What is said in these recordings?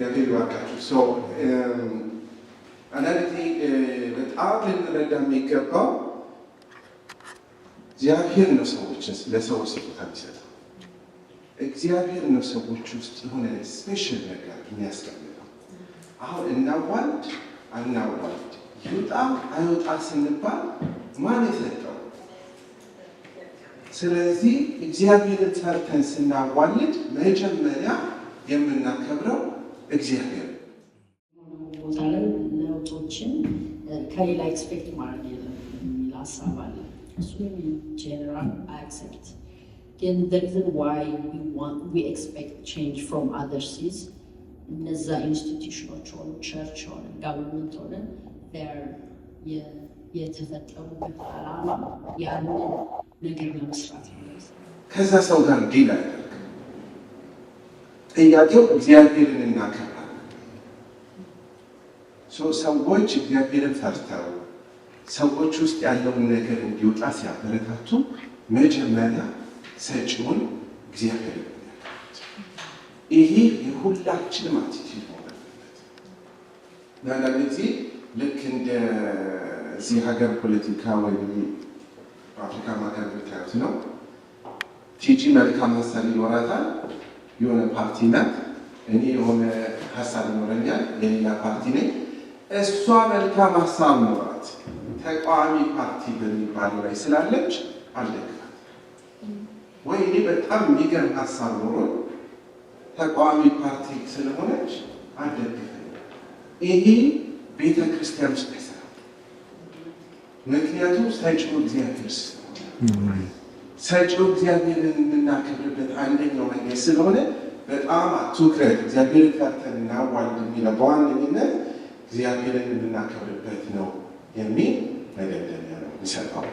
ገደሉ አካችሁ ሰው አንዳንድ በጣም ልንረዳ የሚገባው እግዚአብሔር ነው ሰዎችን ለሰዎች ስጦታ የሚሰጠው። እግዚአብሔር ነው ሰዎች ውስጥ የሆነ ስፔሻል ነገር የሚያስቀምጠው። አሁን እናዋልድ አናዋልድ ይውጣ አይወጣ ስንባል ማን የሰጠው? ስለዚህ እግዚአብሔርን ሰርተን ስናዋልድ መጀመሪያ የምናከብረው እግዚአብሔር ቦታ ላይ ለውጦችን ከሌላ ኤክስፔክት ማድረግ የለም የሚል ሀሳብ አለ። እሱም ጀነራል አክሰፕት ግን ዋይ ዊ ኤክስፔክት ቼንጅ ፍሮም ኢዝ እነዛ ኢንስቲትዩሽኖች ቸርች ሆነ ጋቨርንመንት ሆነ የተፈጠሩበት አላማ ያንን ነገር ለመስራት ነው። ከዛ ሰው ጋር ዲል አለ ጥያቄው እግዚአብሔርን እናከብራለን። ሰዎች እግዚአብሔርን ፈርተው ሰዎች ውስጥ ያለውን ነገር እንዲወጣ ሲያበረታቱ መጀመሪያ ሰጪውን እግዚአብሔር ይሄ የሁላችን አቲቲዩድ ማለት ጊዜ ልክ እንደዚህ ሀገር ፖለቲካ ወይ አፍሪካ ሀገር ነው ቲጂ መልካም መሰል ይኖራታል የሆነ ፓርቲ ናት። እኔ የሆነ ሀሳብ ይኖረኛል፣ የሌላ ፓርቲ ነኝ። እሷ መልካም ሀሳብ ኖራት ተቃዋሚ ፓርቲ በሚባለው ላይ ስላለች አልደግፋት ወይ እኔ በጣም የሚገርም ሀሳብ ኖሮ ተቃዋሚ ፓርቲ ስለሆነች አልደግፍ። ይሄ ቤተ ክርስቲያን ውስጥ አይሰራም። ምክንያቱም ሰጪው እግዚአብሔር ስለሆነ ሰጪው እግዚአብሔርን የምናከብርበት አንደኛው መንገድ ስለሆነ በጣም አትኩረት እግዚአብሔርን ፈርተንና ዋልድ የሚለው በዋነኝነት እግዚአብሔርን የምናከብርበት ነው የሚል መደምደሚያ ነው የሚሰጠው።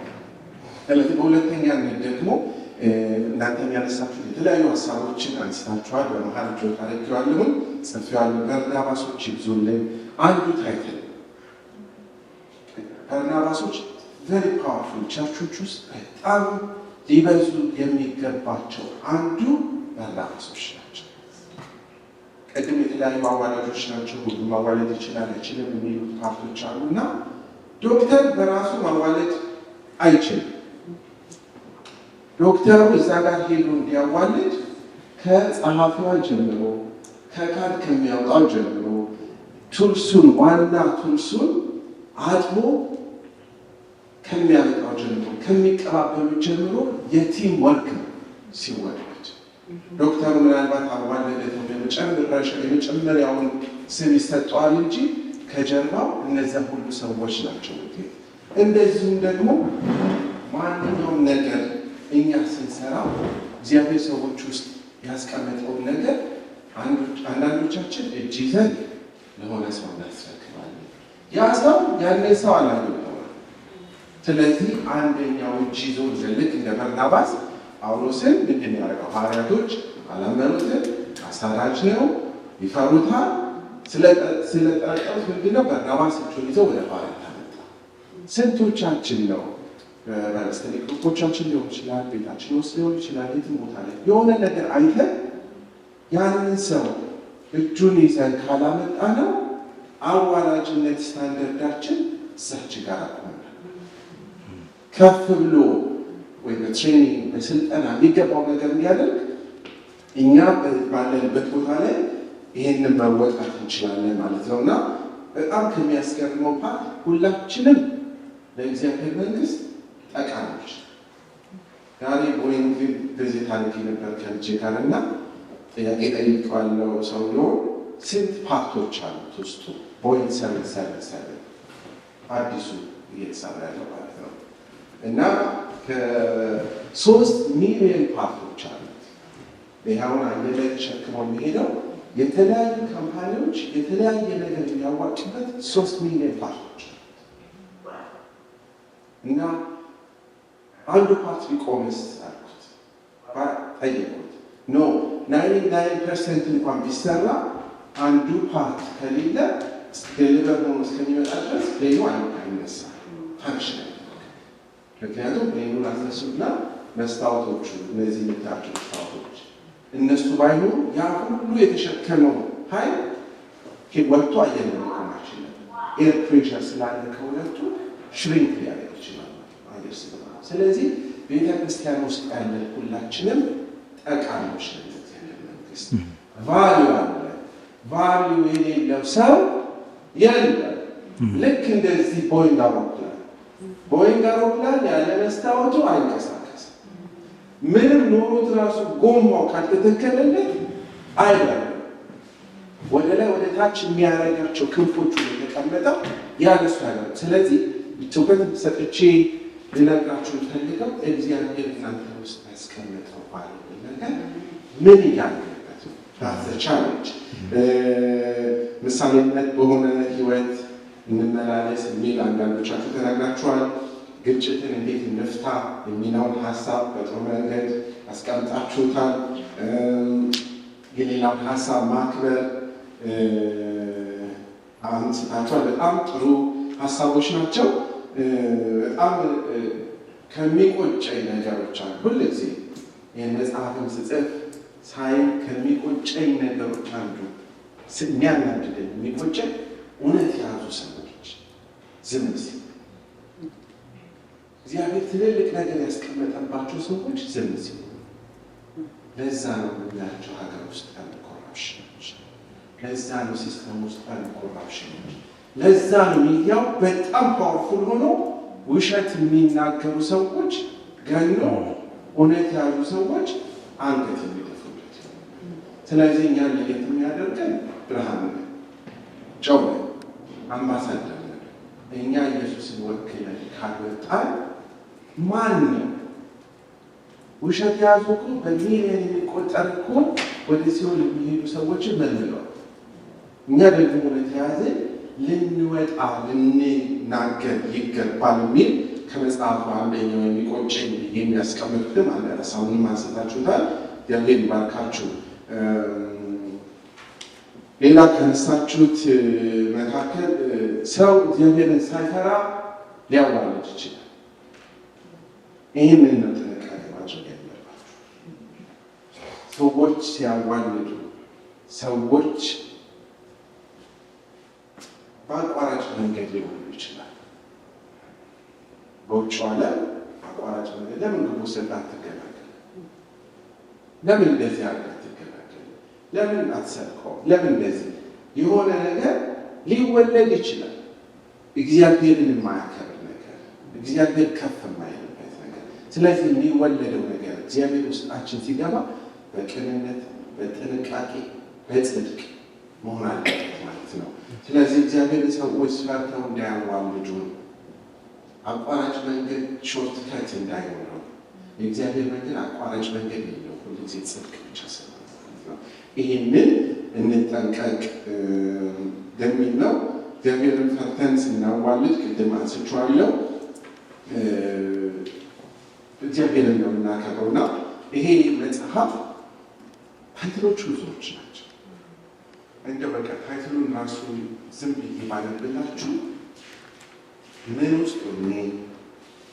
ስለዚህ በሁለተኛነት ደግሞ እናንተም ያነሳችሁ የተለያዩ ሀሳቦችን አንስታችኋል። በመሀል ጆ ታደግዋለሁን ጽፌዋለሁ። በርናባሶች ይብዙልን አንዱ ታይትል በርናባሶች ቨሪ ፓወርፉል ቸርቾች ውስጥ በጣም ሊበዙ የሚገባቸው አንዱ መላመሶች ናቸው። ቅድም የተለያዩ አዋላጆች ናቸው፣ ሁሉ ማዋለድ ይችላል አይችልም የሚሉ ፓርቶች አሉ እና ዶክተር በራሱ ማዋለድ አይችልም። ዶክተሩ እዛ ጋር ሄዶ እንዲያዋልድ ከጸሐፊዋ ጀምሮ ከካድ ከሚያወጣው ጀምሮ ቱልሱን ዋና ቱልሱን አጥቦ ከሚያመጣው ጀምሮ ከሚቀባበሉ ጀምሮ የቲም ወርክ ነው ሲወለድ። ዶክተሩ ምናልባት አበባን ልደትን የመጨመሪያውን ስም ይሰጠዋል እንጂ ከጀርባው እነዚያ ሁሉ ሰዎች ናቸው። እንደዚሁም ደግሞ ማንኛውም ነገር እኛ ስንሰራ እግዚአብሔር ሰዎች ውስጥ ያስቀመጠውን ነገር አንዳንዶቻችን እጅ ይዘን ለሆነ ሰው እናስረክባለን። ያ ሰው ያንን ሰው ስለዚህ አንደኛው እጅ ይዞ ልክ እንደ በርናባስ ጳውሎስን ምንድን ያደርገው ሐዋርያቶች አላመኑትም፣ አሳዳጅ ነው፣ ይፈሩታል። ስለጠረጠሩት ነው በርናባስ እጁን ይዘው ወደ ሐዋርያት ታመጣ። ስንቶቻችን ነው በስተኔ ሊሆን ይችላል፣ ቤታችን ውስጥ ሊሆን ይችላል፣ የትም ቦታ ላይ የሆነ ነገር አይተን ያንን ሰው እጁን ይዘን ካላመጣ ነው አዋራጅነት ስታንደርዳችን እሳችን ጋር አቁመ ከፍ ብሎ ወይ በትሬኒንግ በስልጠና የሚገባው ነገር እንዲያደርግ እኛ ባለንበት ቦታ ላይ ይህንን መወጣት እንችላለን ማለት ነው። እና በጣም ከሚያስገርመው ፓርት ሁላችንም ለእግዚአብሔር መንግስት ጠቃሚች ዛሬ ወይም ግን በዚህ ታሪክ ነበር ከልጄ ጋር እና ጥያቄ ጠይቀዋለው ሰው ሰውዬው ስንት ፓርቶች አሉት ውስጡ ቦይንግ ሰቨን ሰቨን ሰቨን አዲሱ እየተሰራ ያለው እና ከሶስት ሚሊዮን ፓርቶች አሉት። ይኸውን አንድ ላይ ተሸክሞ የሚሄደው የተለያዩ ካምፓኒዎች የተለያየ ነገር የሚያዋጭበት ሶስት ሚሊዮን ፓርቶች እና አንዱ ፓርት ቢቆምስ አልኩት፣ ጠየቁት። ኖ ናይን ናይን ፐርሰንት እንኳን ቢሰራ አንዱ ፓርት ከሌለ ዴሊቨር ሆኖ እስከሚመጣ ድረስ ሌላው አይነሳ ፈንክሽናል ምክንያቱም ይህኑን አስነሱና መስታወቶቹ እነዚህ የምታያቸው መስታወቶች እነሱ ባይኖሩ ያ ሁሉ የተሸከመው ሀይል ወጥቶ አየር መቆማችን ኤር ፕሬሸር ስላለ ከሁለቱ ሽሪንክ ሊያደርግ ይችላል አየር ስ ስለዚህ ቤተ ክርስቲያን ውስጥ ያለ ሁላችንም ጠቃሚዎች ነነት ያለን መንግስት ቫሊዩ አለ። ቫሉ የሌለው ሰው የለም። ልክ እንደዚህ ቦይ ቦይላው ቦይንግ አውሮፕላን ያለ መስታወቱ አይንቀሳቀስም። ምንም ኖሮት ራሱ ጎማው ካልተተከለለት አይበል ወደ ላይ ወደ ታች የሚያረጋቸው ክንፎቹ የተቀመጠው ያነሱ ያለ ስለዚህ ትኩረት ሰጥቼ ልነግራችሁ ፈልገው እግዚአብሔር እናንተ ውስጥ ያስቀመጠው ባለ ነገር ምን እያለበት ቻለች mm-hmm. ምሳሌነት በሆነ ህይወት እንመላለስ የሚል አንዳንዶቻችሁ ተናግራችኋል። ግጭትን እንዴት እንፍታ የሚለውን ሀሳብ በጥሩ መንገድ አስቀምጣችሁታል። የሌላውን ሀሳብ ማክበር አንስታችኋል። በጣም ጥሩ ሀሳቦች ናቸው። በጣም ከሚቆጨኝ ነገሮች አሉ። ሁልጊዜ ይህን መጽሐፍም ስጽፍ ሳይ ከሚቆጨኝ ነገሮች አንዱ የሚያናድደኝ የሚቆጨኝ እውነት የያዙ ሰዎች ዝም ሲል እግዚአብሔር ትልልቅ ነገር ያስቀመጠባቸው ሰዎች ዝም ሲል ለዛ ነው የምንላቸው ሀገር ውስጥ ያሉ ኮራፕሽኖች፣ ለዛ ነው ሲስተም ውስጥ ያሉ ኮራፕሽኖች፣ ለዛ ነው ሚዲያው በጣም ፓወርፉል ሆኖ ውሸት የሚናገሩ ሰዎች ገኖ እውነት ያሉ ሰዎች አንገት የሚደፉበት። ስለዚህ እኛን ለየት የሚያደርገን ብርሃን ጨው ነው። አምባሳደር እኛ ኢየሱስን ወክለን ካልወጣን ማን ነው? ውሸት የያዙ እኮ በሚሊዮን የሚቆጠር እኮ ወደ ሲሆን የሚሄዱ ሰዎችን መልለዋል እኛ ደግሞ ለተያዘ ልንወጣ ልንናገር ይገባል የሚል ከመጽሐፉ አንደኛው የሚቆጨኝ የሚያስቀምጥ ግን አለ። ሰውን ማንሰታችሁታል። ያሌን ባርካችሁ ሌላ ከነሳችሁት መካከል ሰው እግዚአብሔርን ሳይፈራ ሊያዋርድ ይችላል። ይህ ምን ነው ጥንቃቄ ማድረግ ያለባችሁ። ሰዎች ሲያዋልዱ፣ ሰዎች በአቋራጭ መንገድ ሊሆኑ ይችላል። በውጭ ዓለም አቋራጭ መንገድ ለምን ግቡ ስልጣን ትገናገል ለምን እንደዚህ አለ ለምን አትሰርከው? ለምን እንደዚህ የሆነ ነገር ሊወለድ ይችላል። እግዚአብሔርን የማያከብር ነገር፣ እግዚአብሔር ከፍ የማይልበት ነገር። ስለዚህ የሚወለደው ነገር እግዚአብሔር ውስጣችን ሲገባ በቅንነት፣ በጥንቃቄ፣ በጽድቅ መሆን አለበት ማለት ነው። ስለዚህ እግዚአብሔር ሰዎች ፈርተው እንዳያዋልጁን አቋራጭ መንገድ ሾርትከት እንዳይሆነው የእግዚአብሔር መንገድ አቋራጭ መንገድ የለው ሁሉ ጊዜ ጽድቅ ብቻ ነው። ይህንን እንጠንቀቅ በሚል ነው። እግዚአብሔርን ፈርተን ስናዋልድ ቅድም አንስቼዋለሁ፣ እግዚአብሔርን ነው የምናከብረውና ይሄ መጽሐፍ ታይትሎቹ ብዙዎች ናቸው። እንደ በቃ ታይትሉን ራሱ ዝም ብዬ ባለብላችሁ ምን ውስጥ ሆኔ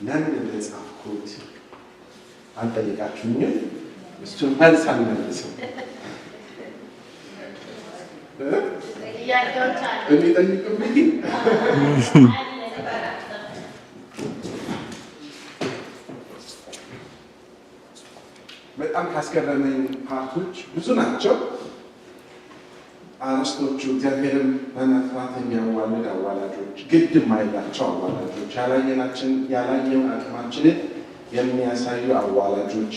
ለምን እንደጻፍኩት አልጠይቃችሁኝም። እሱን መልስ አንመልስም። በጣም ካስገረመኝ ፓርቶች ብዙ ናቸው። አነስቶቹ እግዚአብሔርም በመፍራት የሚያዋልድ አዋላጆች፣ ግድ የማይላቸው አዋላጆች፣ ያላየናችን ያላየውን አቅማችንን የሚያሳዩ አዋላጆች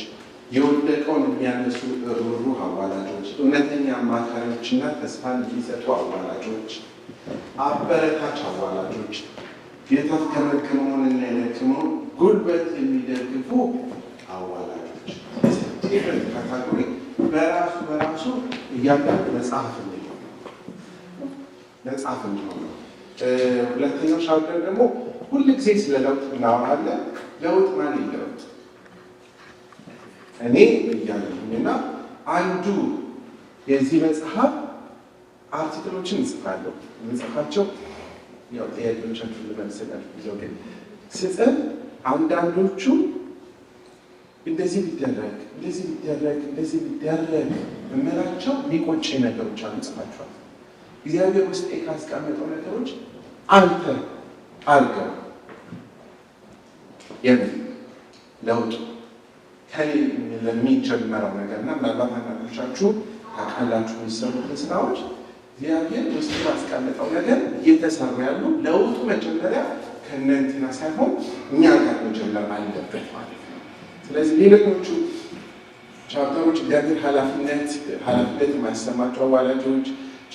የወደቀውን የሚያነሱ ሩሩህ አዋላጆች፣ እውነተኛ አማካሪዎችና ተስፋን የሚሰጡ አዋላጆች፣ አበረታች አዋላጆች፣ ጌታት ከመክመውን እና የደከመውን ጉልበት የሚደግፉ አዋላጆች ዲፍረንት ካታጎሪ በራሱ በራሱ እያንዳንዱ መጽሐፍ እንዲሆን መጽሐፍ እንዲሆነ ሁለተኛው ሻገር ደግሞ ሁልጊዜ ስለ ለውጥ እናወራለን። ለውጥ ማን ይለውጥ እኔ እያለሁኝና አንዱ የዚህ መጽሐፍ አርቲክሎችን እንጽፋለሁ። የምጽፋቸው ጥያቄዎቻችሁን ልመልስላችሁ ጊዜው ግን ስጽፍ አንዳንዶቹ እንደዚህ ቢደረግ እንደዚህ ቢደረግ እንደዚህ ቢደረግ የምላቸው ሊቆጭ ነገሮች አሉ። ጽፋቸዋል። እግዚአብሔር ውስጤ ካስቀመጠው ነገሮች አንተ አድርገው የምን ለውጥ ከኔ ለሚጀመረው ነገርና ምናልባት አንዳንዶቻችሁ የሚሰሩትን ስራዎች እግዚአብሔር ውስጥ ነገር እየተሰሩ ያሉ ለውጡ መጀመሪያ ከእነንትና ሳይሆን እኛ ጋር መጀመር አለበት ማለት ስለዚህ ሌሎቹ ቻፕተሮች እግዚአብሔር የማያሰማቸው አዋላጆች፣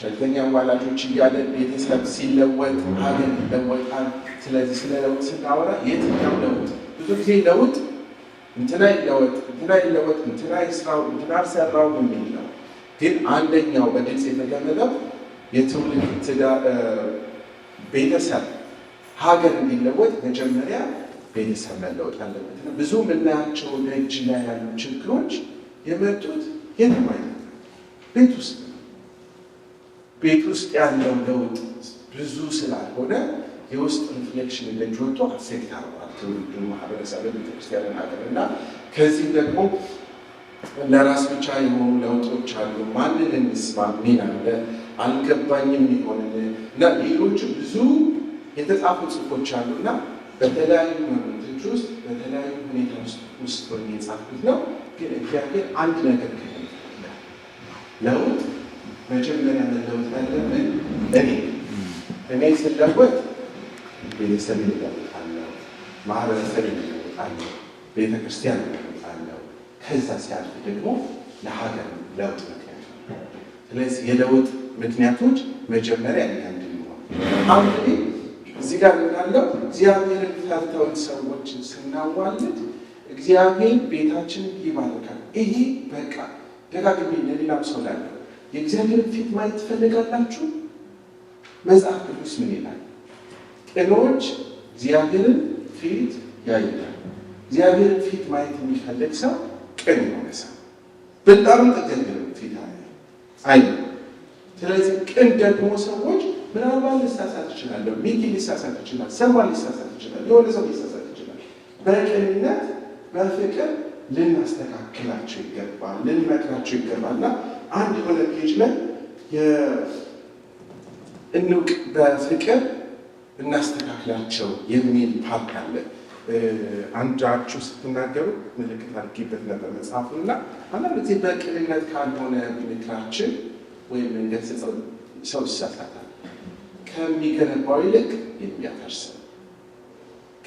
ቸልተኛ አዋላጆች እያለ ቤተሰብ ሲለወጥ ሀገር ይለወጣል። ስለዚህ ስለ ለውጥ ስናወራ የትኛው ለውጥ ብዙ ጊዜ ለውጥ እንትና ይለወጥ፣ እንትና ይለወጥ፣ እንትና ይስራው፣ እንትና ነው ግን አንደኛው በግልጽ የተገመለው የትውልድ ቤተሰብ ሀገር እንዲለወጥ መጀመሪያ ቤተሰብ መለወጥ አለበት። ብዙ የምናያቸው ላይ ያሉ ችግሮች የመጡት ቤት ውስጥ ቤት ውስጥ ያለው ለውጥ ብዙ ስላልሆነ የውስጥ ኢንፍሌክሽን ልጅ ወጥቶ አሴክት አርጓል። ትውልዱን፣ ማህበረሰብን፣ ቤተክርስቲያንን፣ ሀገር እና ከዚህ ደግሞ ለራስ ብቻ የሆኑ ለውጦች አሉ። ማንን እንስማ ሚል አለ አልገባኝም ሊሆንን እና ሌሎች ብዙ የተጻፉ ጽሑፎች አሉ እና በተለያዩ መምቶች ውስጥ በተለያዩ ሁኔታ ውስጥ ሆኜ የጻፉት ነው። ግን እግዚአብሔር አንድ ነገር ከ ለውጥ መጀመሪያ መለወጥ ያለምን እኔ እኔ ስለወጥ ቤተሰብ ይላል ማህበረሰብ የሚለውጣለው፣ ቤተ ክርስቲያን የሚለውጣለው፣ ከዛ ሲያልፍ ደግሞ ለሀገር ለውጥ ምክንያት ነው። ስለዚህ የለውጥ ምክንያቶች መጀመሪያ ያንድ ሆን አሁን እዚህ ጋር እንዳለው እግዚአብሔርን ፈርተውን ሰዎችን ስናዋልድ እግዚአብሔር ቤታችን ይባርካል። ይሄ በቃ ደጋግሜ ለሌላም ሰው ላለው የእግዚአብሔር ፊት ማየት ትፈልጋላችሁ? መጽሐፍ ቅዱስ ምን ይላል? ቅኖች እግዚአብሔርን ፊት ያያል። እግዚአብሔር ፊት ማየት የሚፈልግ ሰው ቅን የሆነ ሰው በጣም ተገልግለ ፊት አይ ስለዚህ ቅን ደግሞ ሰዎች ምናልባት ሊሳሳት ይችላል፣ ሚኪ ሊሳሳት ይችላል፣ ሰማ ሊሳሳት ይችላል፣ የሆነ ሰው ሊሳሳት ይችላል። በቅንነት በፍቅር ልናስተካክላቸው ይገባል፣ ልንመክራቸው ይገባል። እና አንድ የሆነ ፔጅ ላይ እንውቅ በፍቅር እናስተካክላቸው የሚል ፓርክ አለ። አንዳችሁ ስትናገሩ ምልክት አድርጌበት ነበር መጽሐፉ እና አንዳንድ ጊዜ በቅንነት ካልሆነ ምልክታችን ወይም እንደተጸው ሰው ይሳሳታል። ከሚገነባው ይልቅ የሚያፈርስ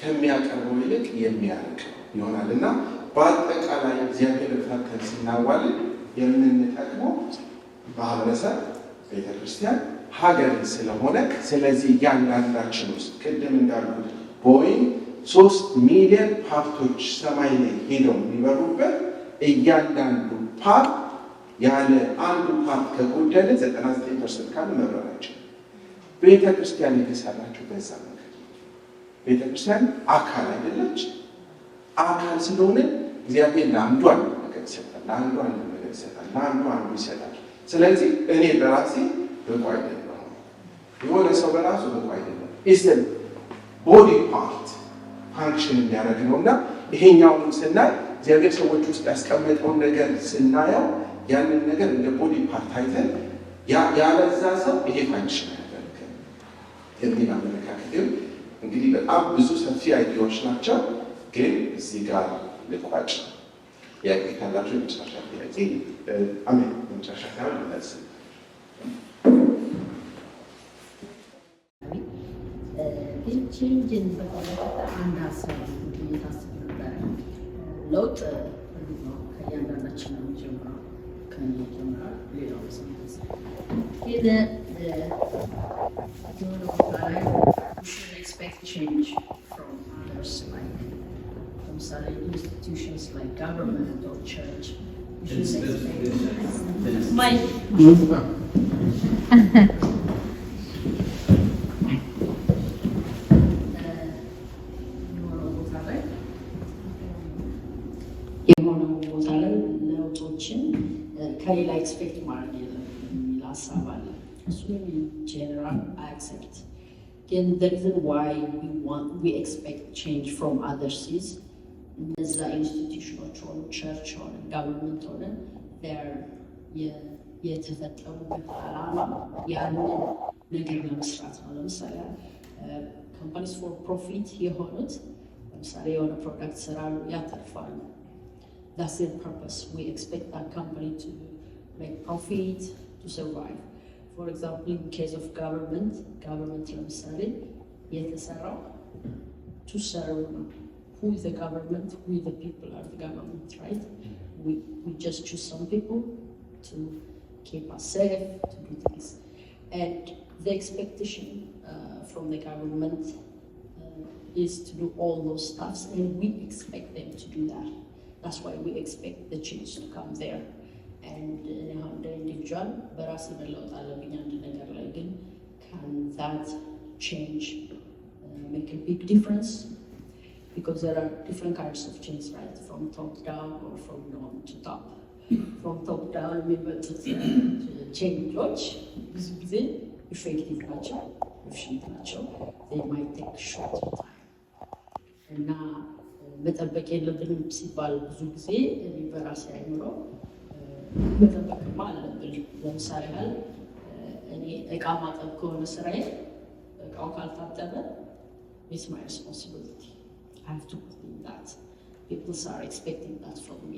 ከሚያቀርበው ይልቅ የሚያርቅ ይሆናል እና በአጠቃላይ እግዚአብሔር ፈተን ስናዋልን የምንጠቅመው ማህበረሰብ ቤተክርስቲያን ሀገር ስለሆነ ስለዚህ እያንዳንዳችን ውስጥ ቅድም እንዳልኩት ቦይንግ ሶስት ሚሊዮን ፓርቶች ሰማይ ላይ ሄደው የሚበሩበት እያንዳንዱ ፓርት ያለ አንዱ ፓርት ከጎደለ 99 ፐርሰንት ካለ መብረር አይችልም። ቤተ ክርስቲያን የተሰራችው በዛ መንገድ ቤተ ክርስቲያን አካል አይደለች። አካል ስለሆነ እግዚአብሔር ለአንዱ አንዱ ነገር ይሰጣል፣ ለአንዱ አንዱ ነገር ይሰጣል፣ ለአንዱ አንዱ ይሰጣል። ስለዚህ እኔ በራሴ ብቁ አይደለም። የሆነ ሰው በራሱ ብቁ አይደለም። ኢዝ ቦዲ ፓርት ፋንክሽን የሚያደረግ ነው እና ይሄኛውን ስናይ እግዚአብሔር ሰዎች ውስጥ ያስቀመጠውን ነገር ስናየው ያንን ነገር እንደ ቦዲ ፓርት አይተን ያለዛ ሰው ይሄ ፋንክሽን ያደርግ የሚል አመለካከትም እንግዲህ በጣም ብዙ ሰፊ አይዲያዎች ናቸው። ግን እዚህ ጋር ልቋጭ ያቄታላቸው ካላቸው የመጨረሻ ጥያቄ አሜን መጨረሻ ካል ቼንጅን በተመለከተ አንድ ሀሳብ እየታሰብ ነበረ። ለውጥ እርግጥ ነው ከእያንዳንዳችን ነው የሚጀምረው፣ ከእኔ ይጀምራል። ሌላው ስንስ ግን የሆነ ቦታ ላይ ኤክስፔክት ቼንጅ ፍሮም አዘርስ ላይ ለምሳሌ ኢንስቲትዩሽንስ ላይ ጋቨርንመንት ኦር ቸርች savanna, swimming general accept. Then the reason why we want we expect change from other seas, there's the institution or church or government or there የተፈጠሩ አላማ ያንን ነገር ለመስራት ነው። ለምሳሌ ካምፓኒስ ፎር ፕሮፊት የሆኑት ለምሳሌ የሆነ ፕሮዳክት ስራሉ ያተርፋሉ። ፐርፐስ ኤክስፔክት ካምፓኒ ቱ ሜክ ፕሮፊት to survive. For example, in case of government, government ለምሳሌ የተሰራው to serve who is the government? We the people are the government, right? Mm-hmm. We, we just choose some people to keep us safe, to do things. And the expectation uh, from the government uh, is to do all those stuff, and we expect them to do that. That's why we expect the change to come there. ኢንዲቪጁዋል በራስ መለወጥ አለብኝ። አንድ ነገር ላይ ግን ካን ዛት ቼንጅ ሜክ ቢግ ዲፍረንስ ቢካዝ ዘር አር ዲፍረንት ካይንድስ ኦፍ ቼንጅ ራይት ፍሮም ቶፕ ዳውን ኦር ፍሮም ዳውን ቱ ቶፕ ፍሮም ቶፕ ዳውን የሚመጡት ቼንጆች ብዙ ጊዜ ኢፌክቲቭ ናቸው፣ ኤፊሽንት ናቸው። ማይ ቴክ ሾርት ታይም እና መጠበቅ የለብንም ሲባል ብዙ ጊዜ በራሴ አይምሮ መጠበቅ ማለት ለምሳሌ ያህል እኔ እቃ ማጠብ ከሆነ ስራዬ እቃው ካልታጠበ ኢትስ ማይ ሬስፖንሲቢሊቲ አይ ሃቭ ቱ ክሊን ዳት ፒፕልስ አር ኤክስፔክቲንግ ዳት ፍሮም ሚ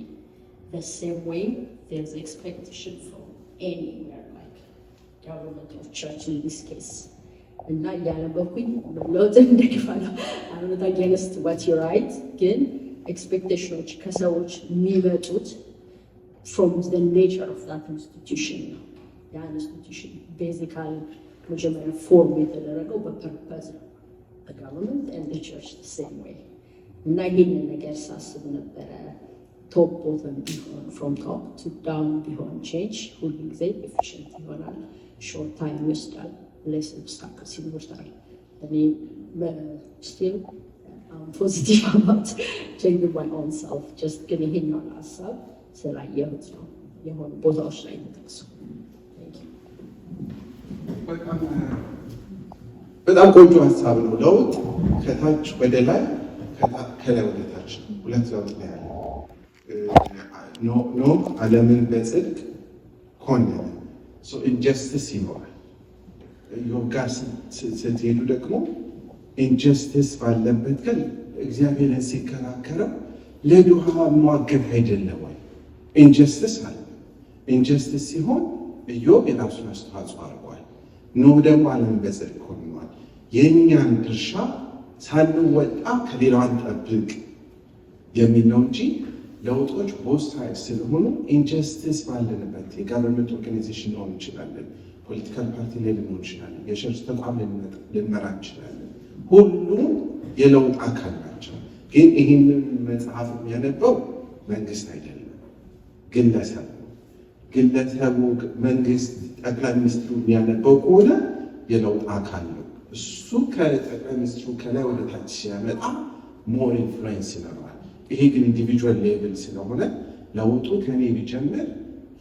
ዘ ሴም ዌይ ዜር ኢዝ ኤክስፔክቴሽን ፍሮም ኤኒዌር ላይክ ገቨርንመንት ኦፍ ቸርች ኢን ዲስ ኬስ እና እያነበብኩኝ መለወጥ እንደግፋ ነው አምነት አጌንስት ዋት ዩ ራይት ግን ኤክስፔክቴሽኖች ከሰዎች የሚመጡት from the nature of that institution. That institution basically مجمعين فور مثل رقم بتركز the government and the church the same way. I نجين نجر ساس من the top bottom بيهون from top to down بيهون change هو بيجزي efficient بيهون a short time مستر less obstacle سين مستر. أنا still uh, I'm positive about changing my own self just getting in on ourselves. ስላየሁት ነው የሆኑ ቦታዎች ላይ የተጠቅሱ። በጣም ቆንጆ ሀሳብ ነው። ለውጥ ከታች ወደ ላይ፣ ከላይ ወደ ታች ሁለት ለውጥ ነው ያለ። ኖህ ዓለምን በጽድቅ ኮነነ፣ ኢንጀስቲስ ይኖራል። ዮብ ጋር ስትሄዱ ደግሞ ኢንጀስቲስ ባለበት ግን እግዚአብሔርን ሲከራከረው ለድሃ ማገብ አይደለም ወይ ኢንጀስትስ አለ። ኢንጀስትስ ሲሆን ኢዮብ የራሱን አስተዋጽኦ አድርጓል። ኖህ ደግሞ ዓለምን በጽድቅ ኮንኗል። የእኛን ድርሻ ሳንወጣ ከሌላው አንጠብቅ የሚል ነው እንጂ ለውጦች ቦዝ ሳይድ ስለሆኑ ኢንጀስቲስ ባለንበት የጋቨርንመንት ኦርጋናይዜሽን ልሆን እንችላለን፣ ፖለቲካል ፓርቲ ላይ ልንሆን እንችላለን፣ የሸርች ተቋም ልንመራ እንችላለን። ሁሉም የለውጥ አካል ናቸው። ግን ይህንን መጽሐፍ የሚያነበው መንግስት አይደለም። ግለሰብ ግለሰቡ መንግስት፣ ጠቅላይ ሚኒስትሩ የሚያነበው ከሆነ የለውጥ አካል ነው። እሱ ከጠቅላይ ሚኒስትሩ ከላይ ወደ ታች ሲያመጣ ሞር ኢንፍሉዌንስ ይኖረዋል። ይሄ ግን ኢንዲቪጁዋል ሌቭል ስለሆነ ለውጡ ከኔ ቢጀምር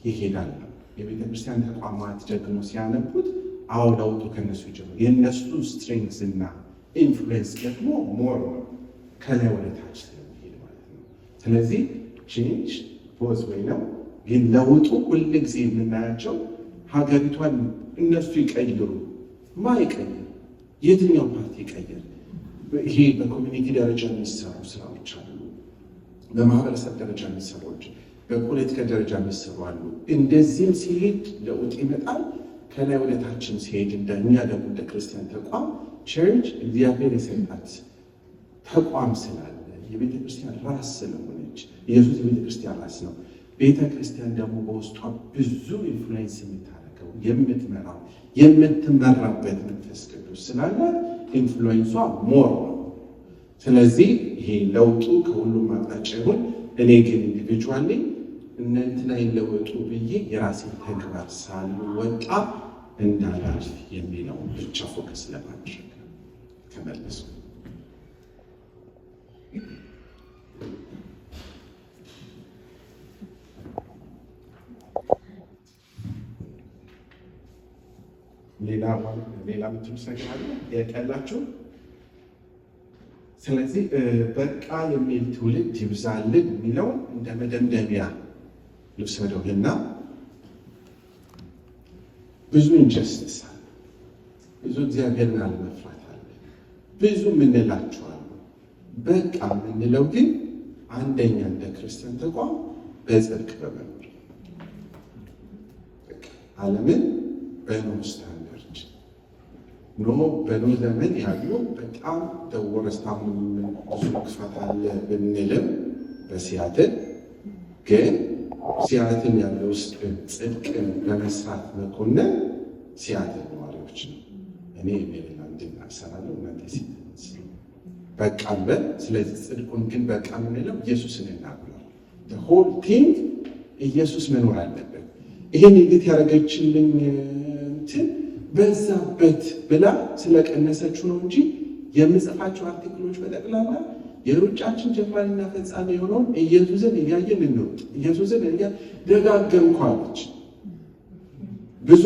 ይሄዳል ነው። የቤተክርስቲያን ተቋማት ደግሞ ሲያነቡት አዎ ለውጡ ከነሱ ይጀምር። የእነሱ ስትሬንግዝ እና ኢንፍሉዌንስ ደግሞ ሞር ከላይ ወደ ታች ስለሚሄድ ማለት ነው። ስለዚህ ቼንጅ ጎዝ ወይ ነው ግን ለውጡ ሁል ጊዜ የምናያቸው ሀገሪቷን እነሱ ይቀይሩ ማ ይቀይር የትኛው ፓርቲ ይቀይር። ይሄ በኮሚኒቲ ደረጃ የሚሰሩ ስራዎች አሉ፣ በማህበረሰብ ደረጃ የሚሰሩዎች፣ በፖለቲካ ደረጃ የሚሰሩ አሉ። እንደዚህም ሲሄድ ለውጥ ይመጣል። ከላይ ወደታችን ሲሄድ እንደኛ ደግሞ እንደ ክርስቲያን ተቋም ቸርች እግዚአብሔር የሰጣት ተቋም ስላለ የቤተ ክርስቲያን ራስ ስለሆነች ኢየሱስ የቤተ ክርስቲያን ራስ ነው። ቤተ ክርስቲያን ደግሞ በውስጧ ብዙ ኢንፍሉዌንስ የምታደርገው የምትመራው የምትመራበት መንፈስ ቅዱስ ስላላት ኢንፍሉዌንሷ ሞር ነው። ስለዚህ ይሄ ለውጡ ከሁሉም አቅጣጫ ይሁን። እኔ ግን ኢንዲቪጁዋሊ ላይ ለወጡ ብዬ የራሴን ተግባር ወጣ እንዳላ የሚለው ብቻ ፎከስ ለማድረግ ከመለሱ ሌላ ሌላ የቀላችሁ። ስለዚህ በቃ የሚል ትውልድ ይብዛልን የሚለው እንደ መደምደሚያ ብዙ ኢንጀስቲስ አለ፣ ብዙ እግዚአብሔርን አለመፍራት አለ፣ ብዙ በቃ የምንለው ግን አንደኛ እንደ ክርስቲያን ተቋም በጽድቅ በመኖር ዓለምን በኖ ስታንዳርድ ኖ በኖ ዘመን ያሉ በጣም ደወረስታ ብዙ ክፋት አለ ብንልም በሲያትን ግን ሲያትን ያለ ውስጥ ጽድቅን በመስራት መኮነን ሲያትን ነዋሪዎች ነው። እኔ ሜሪላንድን አሰራለሁ እናንተ በቃም በል። ስለዚህ ጽድቁን ግን በቃ የምንለው ኢየሱስን እናምናለን። ሆል ቲንግ ኢየሱስ መኖር አለበት። ይህን እንዴት ያደረገችልኝ እንትን በዛበት ብላ ስለቀነሰችው ነው እንጂ የምጽፋቸው አርቲክሎች በጠቅላላ የሩጫችን ጀማሪና ፈጻሚ የሆነውን ኢየሱስን እያየን እንውጥ፣ ኢየሱስን እያ ደጋገምኳለች። ብዙ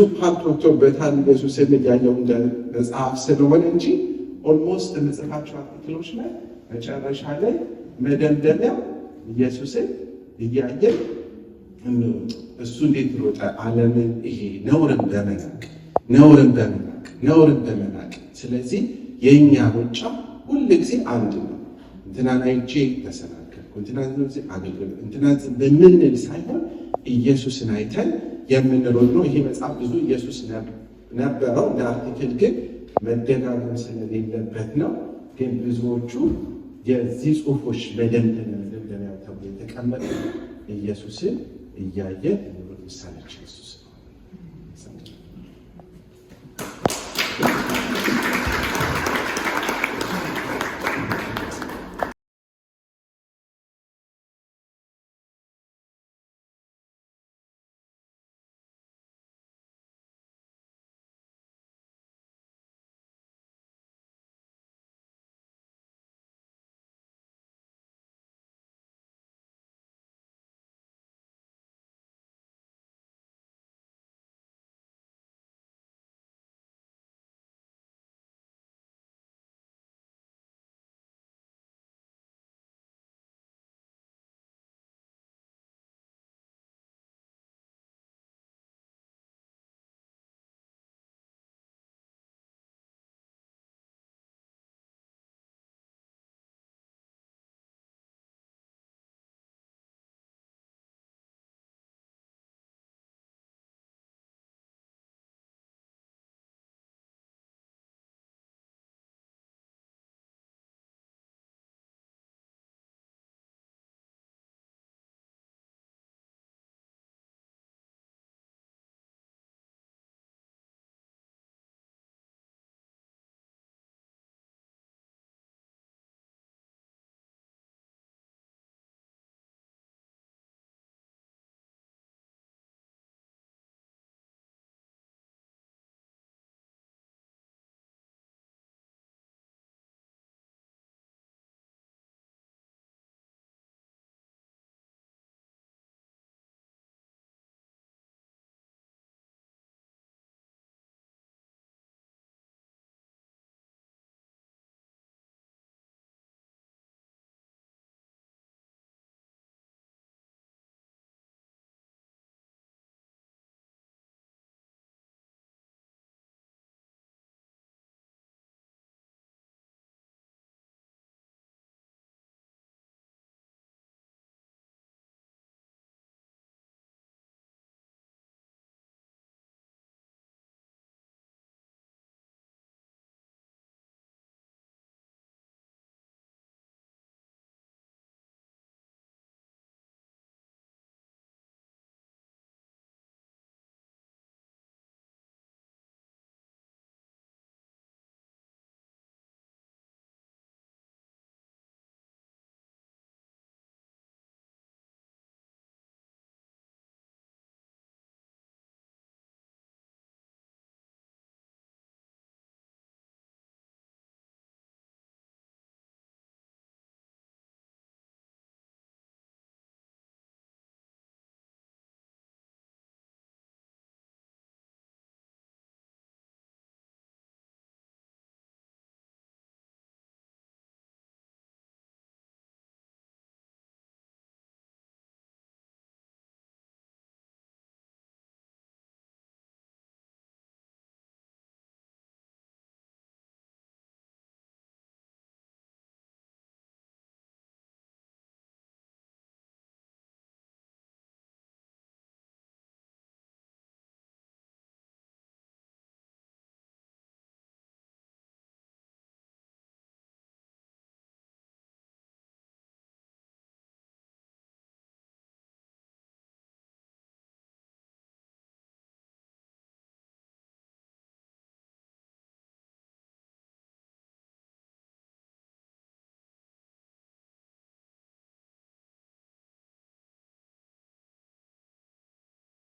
በታን ኢየሱስን እያየው እንደ መጽሐፍ ስለሆነ እንጂ ኦልሞስት የምጽፋቸው አርቲክሎች ላይ መጨረሻ ላይ መደምደሚያው ኢየሱስን እያየን እሱ እንዴት ሮጠ ዓለምን ይሄ ነውርን በመናቅ ነውርን በመናቅ ነውርን በመናቅ ስለዚህ የእኛ ሩጫ ሁል ጊዜ አንድ ነው። እንትናን አይቼ ተሰናከልኩ፣ እንትናን ጊዜ አገልግሎት እንትናን በምንል ሳይሆን ኢየሱስን አይተን የምንሮጥ ነው። ይሄ መጽሐፍ ብዙ ኢየሱስ ነበረው እንደ አርቲክል ግን መደጋገም ስለሌለበት ነው። ግን ብዙዎቹ የዚህ ጽሁፎች መደምደሚያ ተብሎ የተቀመጠ ኢየሱስን እያየ ምሳሌያችን